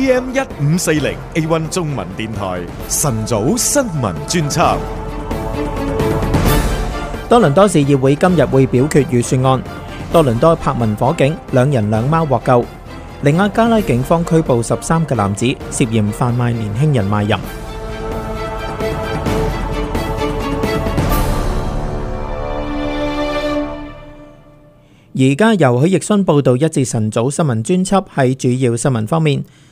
A.M. 一五四零 A One 中文電台晨早新聞專輯。多倫多市議會今日會表決預算案。多倫多柏文火警，兩人兩貓獲救。尼亞加拉警方拘捕十三個男子，涉嫌販賣年輕人賣淫。而家由許逸勳報道。一至晨早新聞專輯喺主要新聞方面。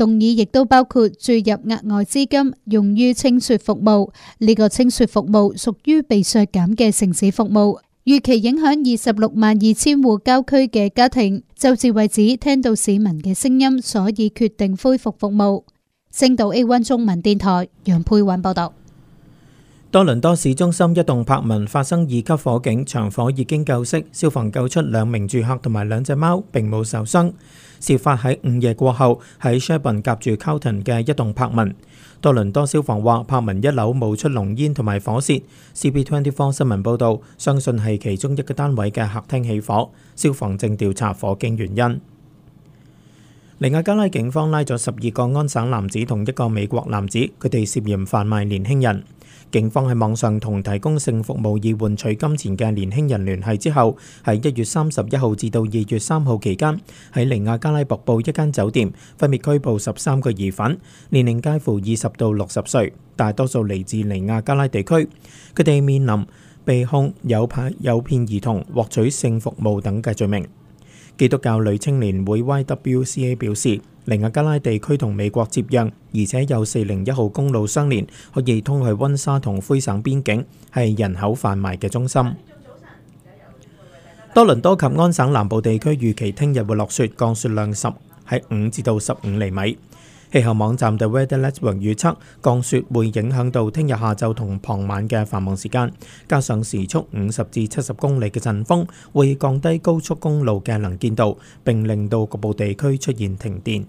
動議亦都包括注入額外資金，用於清雪服務。呢、這個清雪服務屬於被削減嘅城市服務，預期影響二十六萬二千戶郊區嘅家庭。就至為止聽到市民嘅聲音，所以決定恢復服務。星島 A1 中文電台楊佩韻報道。多倫多市中心一棟柏文發生二級火警，場火已經救熄，消防救出兩名住客同埋兩隻貓，並冇受傷。事發喺午夜過後，喺 Sherbourne 夾住 Carlton 嘅一棟柏文。多倫多消防話，柏文一樓冒出濃煙同埋火舌。CBC Twenty Four 新聞報導，相信係其中一個單位嘅客廳起火，消防正調查火警原因。尼亞加拉警方拉咗十二個安省男子同一個美國男子，佢哋涉嫌販賣年輕人。警方喺網上同提供性服務以換取金錢嘅年輕人聯繫之後，喺一月三十一號至到二月三號期間，喺尼亞加拉瀑布一間酒店，分別拘捕十三個疑犯，年齡介乎二十到六十歲，大多數嚟自尼亞加拉地區。佢哋面臨被控有派誘騙兒童獲取性服務等嘅罪名。基督教女青年會 YWCA 表示，尼亞加拉地區同美國接壤，而且有401號公路相連，可以通去溫莎同魁省邊境，係人口販賣嘅中心。多倫多及安省南部地區預期聽日會落雪，降雪量十係五至到十五釐米。氣候網站 The Weather Network 預測，降雪會影響到聽日下晝同傍晚嘅繁忙時間，加上時速五十至七十公里嘅陣風，會降低高速公路嘅能見度，並令到局部地區出現停電。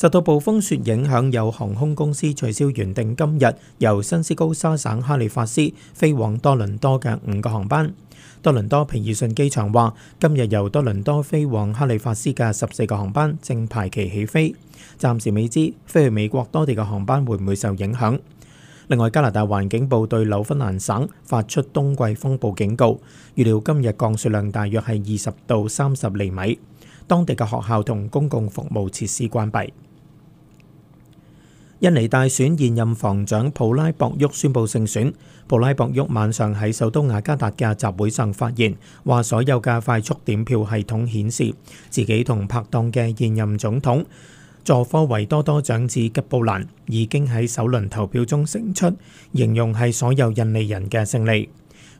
受到暴風雪影響，有航空公司取消原定今日由新斯高沙省哈利法斯飛往多倫多嘅五個航班。多倫多皮爾遜機場話，今日由多倫多飛往哈利法斯嘅十四個航班正排期起飛。暫時未知飛去美國多地嘅航班會唔會受影響。另外，加拿大環境部對紐芬蘭省發出冬季風暴警告，預料今日降雪量大約係二十到三十厘米，當地嘅學校同公共服務設施關閉。印尼大選，現任防長普拉博沃宣布勝選。普拉博沃晚上喺首都雅加達嘅集會上發言，話所有嘅快速點票系統顯示自己同拍檔嘅現任總統佐科維多多長子吉布蘭已經喺首輪投票中勝出，形容係所有印尼人嘅勝利。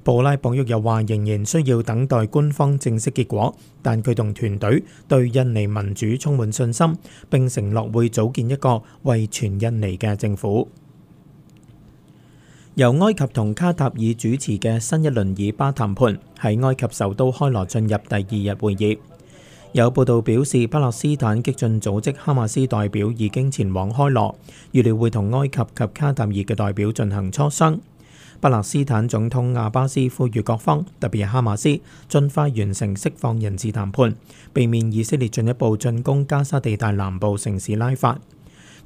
布拉博沃又話仍然需要等待官方正式結果，但佢同團隊對印尼民主充滿信心，並承諾會組建一個為全印尼嘅政府。由埃及同卡塔爾主持嘅新一輪以巴談判喺埃及首都開羅進入第二日會議。有報道表示，巴勒斯坦激進組織哈馬斯代表已經前往開羅，預料會同埃及及卡塔爾嘅代表進行磋商。巴勒斯坦總統阿巴斯呼籲各方，特別係哈馬斯，盡快完成釋放人質談判，避免以色列進一步進攻加沙地帶南部城市拉法。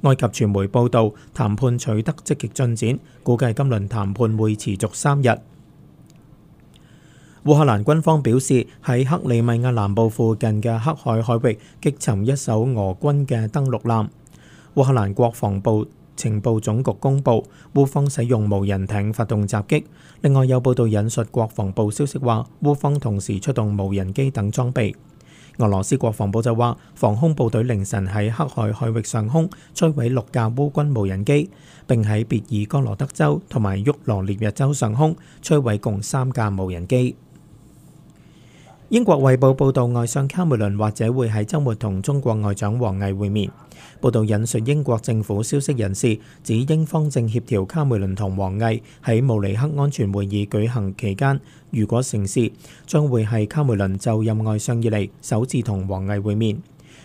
埃及傳媒報導，談判取得積極進展，估計今輪談判會持續三日。烏克蘭軍方表示，喺克里米亞南部附近嘅黑海海域擊沉一艘俄軍嘅登陸艦。烏克蘭國防部情報總局公布，烏方使用無人艇發動襲擊。另外有報道引述國防部消息話，烏方同時出動無人機等裝備。俄羅斯國防部就話，防空部隊凌晨喺黑海海域上空摧毀六架烏軍無人機，並喺別爾哥羅德州同埋沃羅涅日州上空摧毀共三架無人機。英國《衛報》報導，外相卡梅倫或者會喺週末同中國外長王毅會面。報導引述英國政府消息人士，指英方正協調卡梅倫同王毅喺慕尼黑安全會議舉行期間，如果成事，將會係卡梅倫就任外相以嚟首次同王毅會面。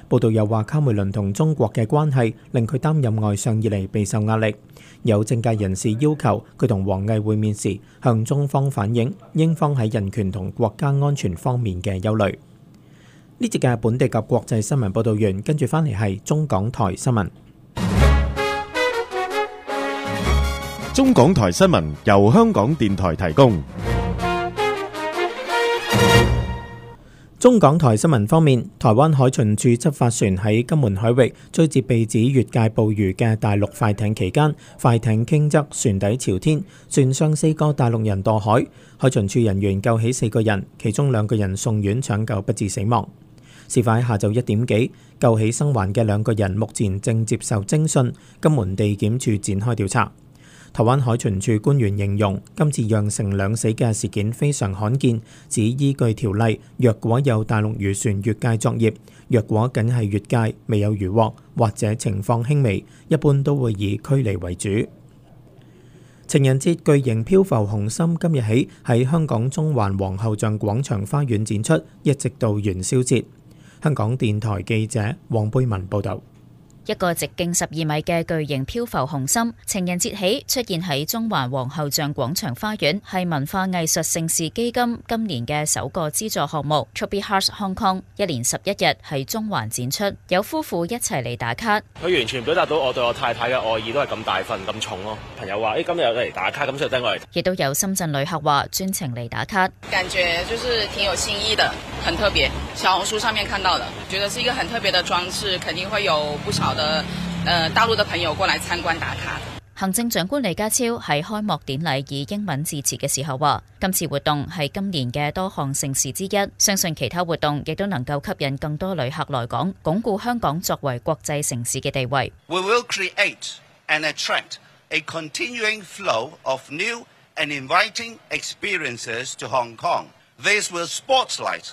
報道又話卡梅倫同中國嘅關係令佢擔任外相以嚟備受壓力，有政界人士要求佢同王毅會面時向中方反映英方喺人權同國家安全方面嘅憂慮。呢節嘅本地及國際新聞報道員跟住翻，嚟係中港台新聞。中港台新聞由香港電台提供。中港台新聞方面，台灣海巡處執法船喺金門海域追截被指越界捕魚嘅大陸快艇期間，快艇傾側，船底朝天，船上四個大陸人墮海，海巡處人員救起四個人，其中兩個人送院搶救不治死亡。事發喺下晝一點幾，救起生還嘅兩個人目前正接受徵訊，金門地檢署展開調查。台灣海巡署官員形容今次釀成兩死嘅事件非常罕見，指依據條例，若果有大陸漁船越界作業，若果僅係越界未有漁獲或者情況輕微，一般都會以驅離為主。情人節巨型漂浮紅心今日起喺香港中環皇后像廣場花園展出，一直到元宵節。香港電台記者黃貝文報導。一個直徑十二米嘅巨型漂浮紅心，情人節起出現喺中環皇后像廣場花園，係文化藝術盛事基金今年嘅首個資助項目。Chubby Hearts Hong Kong 一連十一日喺中環展出，有夫婦一齊嚟打卡。佢完全表達到我對我太太嘅愛意都係咁大份，咁重咯。朋友話，誒、哎，今日嚟打卡，咁所以我。亦都有深圳旅客話專程嚟打卡。感覺就是挺有新意的。很特別，小紅書上面看到的，覺得是一個很特別的裝置，肯定會有不少的，呃，大陸的朋友過來參觀打卡。行政長官李家超喺開幕典禮以英文致辭嘅時候話，今次活動係今年嘅多項盛事之一，相信其他活動亦都能夠吸引更多旅客來港，鞏固香港作為國際城市嘅地位。We will create and attract a continuing flow of new and inviting experiences to Hong Kong. This will spotlight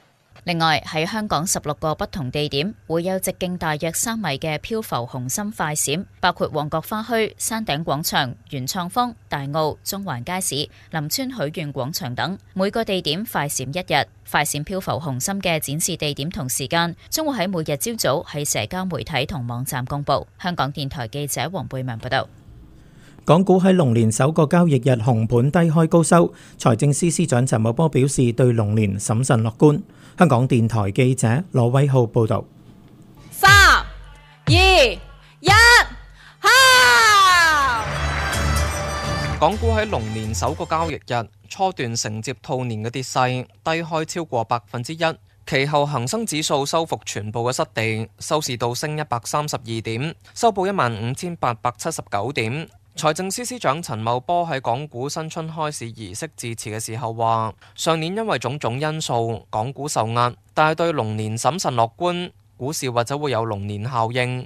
另外，喺香港十六個不同地點會有直徑大約三米嘅漂浮紅心快閃，包括旺角花墟、山頂廣場、元創方、大澳、中環街市、林村許願廣場等。每個地點快閃一日，快閃漂浮紅心嘅展示地點同時間，將會喺每日朝早喺社交媒體同網站公布。香港電台記者黃貝文報道。港股喺龍年首個交易日紅盤低開高收。財政司司長陳茂波表示，對龍年審慎樂觀。香港電台記者羅威浩報道。三二一，港股喺龍年首個交易日初段承接兔年嘅跌勢，低開超過百分之一。其後恒生指數收復全部嘅失地，收市倒升一百三十二點，收報一萬五千八百七十九點。財政司司長陳茂波喺港股新春開市儀式致辭嘅時候話：上年因為種種因素，港股受壓，但係對龍年審慎樂觀，股市或者會有龍年效應。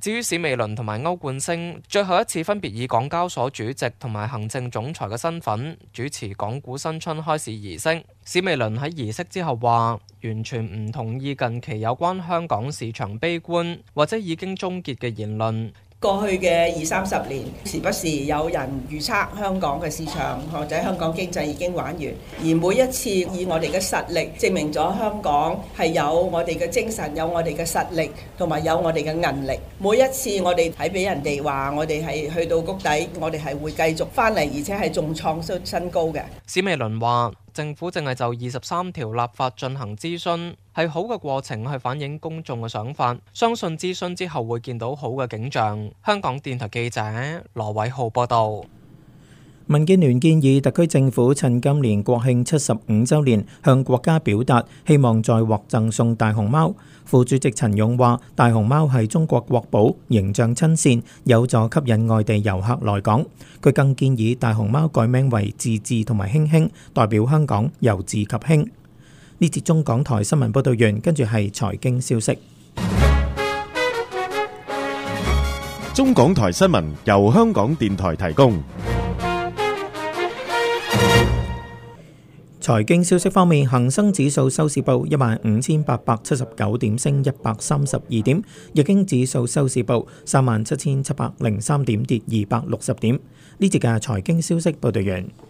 至於史美倫同埋歐冠星，最後一次分別以港交所主席同埋行政總裁嘅身份主持港股新春開市儀式。史美倫喺儀式之後話，完全唔同意近期有關香港市場悲觀或者已經終結嘅言論。過去嘅二三十年，時不時有人預測香港嘅市場或者香港經濟已經玩完，而每一次以我哋嘅實力證明咗香港係有我哋嘅精神、有我哋嘅實力同埋有我哋嘅韌力。每一次我哋睇俾人哋話我哋係去到谷底，我哋係會繼續翻嚟，而且係仲創出新高嘅。史美倫話。政府淨係就二十三條立法進行諮詢，係好嘅過程去反映公眾嘅想法。相信諮詢之後會見到好嘅景象。香港電台記者羅偉浩報道。民建聯建議特區政府趁今年國慶七十五周年，向國家表達希望再獲贈送大熊貓。副主席陳勇話，大熊貓係中國國寶，形象親善，有助吸引外地遊客來港。佢更建議大熊貓改名為“治治”同埋“興興”，代表香港由治及興。呢節中港台新聞報道完，跟住係財經消息。中港台新聞由香港電台提供。財經消息方面，恒生指數收市報一萬五千八百七十九點，升一百三十二點；日經指數收市報三萬七千七百零三點，跌二百六十點。呢節嘅財經消息報道完。